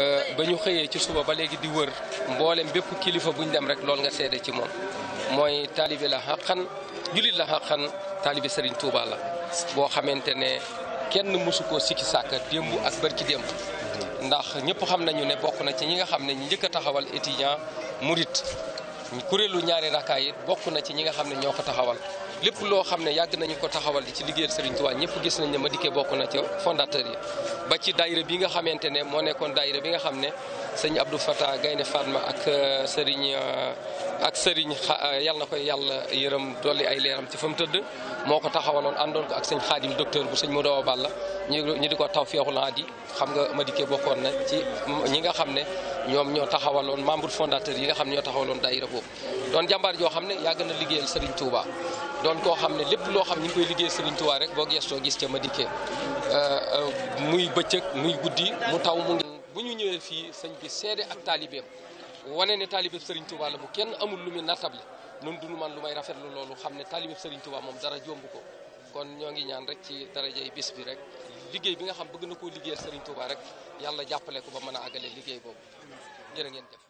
Euh, ba ñu xëyee ci suba ba léegi di wër mboolem bépp kilifa bu ñu dem rek loolu nga seede ci moom mooy taalibe la xaqan julit la xaqan taalibe Serigne Touba la boo xamante ne kenn mësu koo sikki sàkk démb ak barki démb ndax ñëpp xam nañu ne bokk na ci ñi nga xam ne ñu njëkk a taxawal étudiant murit kuréelu ñaari rakkaay yi bokk na ci ñi nga xam ne ñoo ko taxawal lépp loo xam ne yàgg nañu ko taxawal di ci liggéeyal Serigne Touba ñëpp gis nañ ne Madické bokk na ci fondateur yi ba ci daayira bi nga xamante ne moo nekkoon daayira bi nga xam ne sëñ Abdou Fata Gaynde Fatma ak euh, Serigne euh, ak Serigne euh, yàlla na koy yàlla yërëm dolli ay leeram ci fa mu tëdd moo ko taxawaloon àndoon ko ak sëñ Xaadim docteur bu sëñ Modou Balla ñu di ko taw feexul yi xam nga Madické bokkoon na ci ñi nga xam ne ñoom ñoo taxawaloon membre fondateur yi nga xam ne ñoo taxawaloon daayira boobu doon jàmbaar yoo xam ne yàgg na liggéeyal Serigne Touba doon koo xam ne lépp loo xam ñu koy liggéeyal Serigne Touba boo gestoo gis ca Madické euh, euh, muy bëccëg muy guddi mu taw mu ngi bu ñu ñëwee fii sëñ bi seede ak taalibeem wane ne taalibeem Serigne Touba la bu kenn amul lu muy natable nun duñu man lu may rafetlu loolu xam ne taalibeem Serigne Touba moom dara jomb ko kon ñoo ngi ñaan rek ci darajay bis bi rek liggéey bi nga xam bëgg na koo liggéeyal Serigne Touba rek yàlla jàppale ko ba mën a àggale liggéey boobu jërë ngeen jëf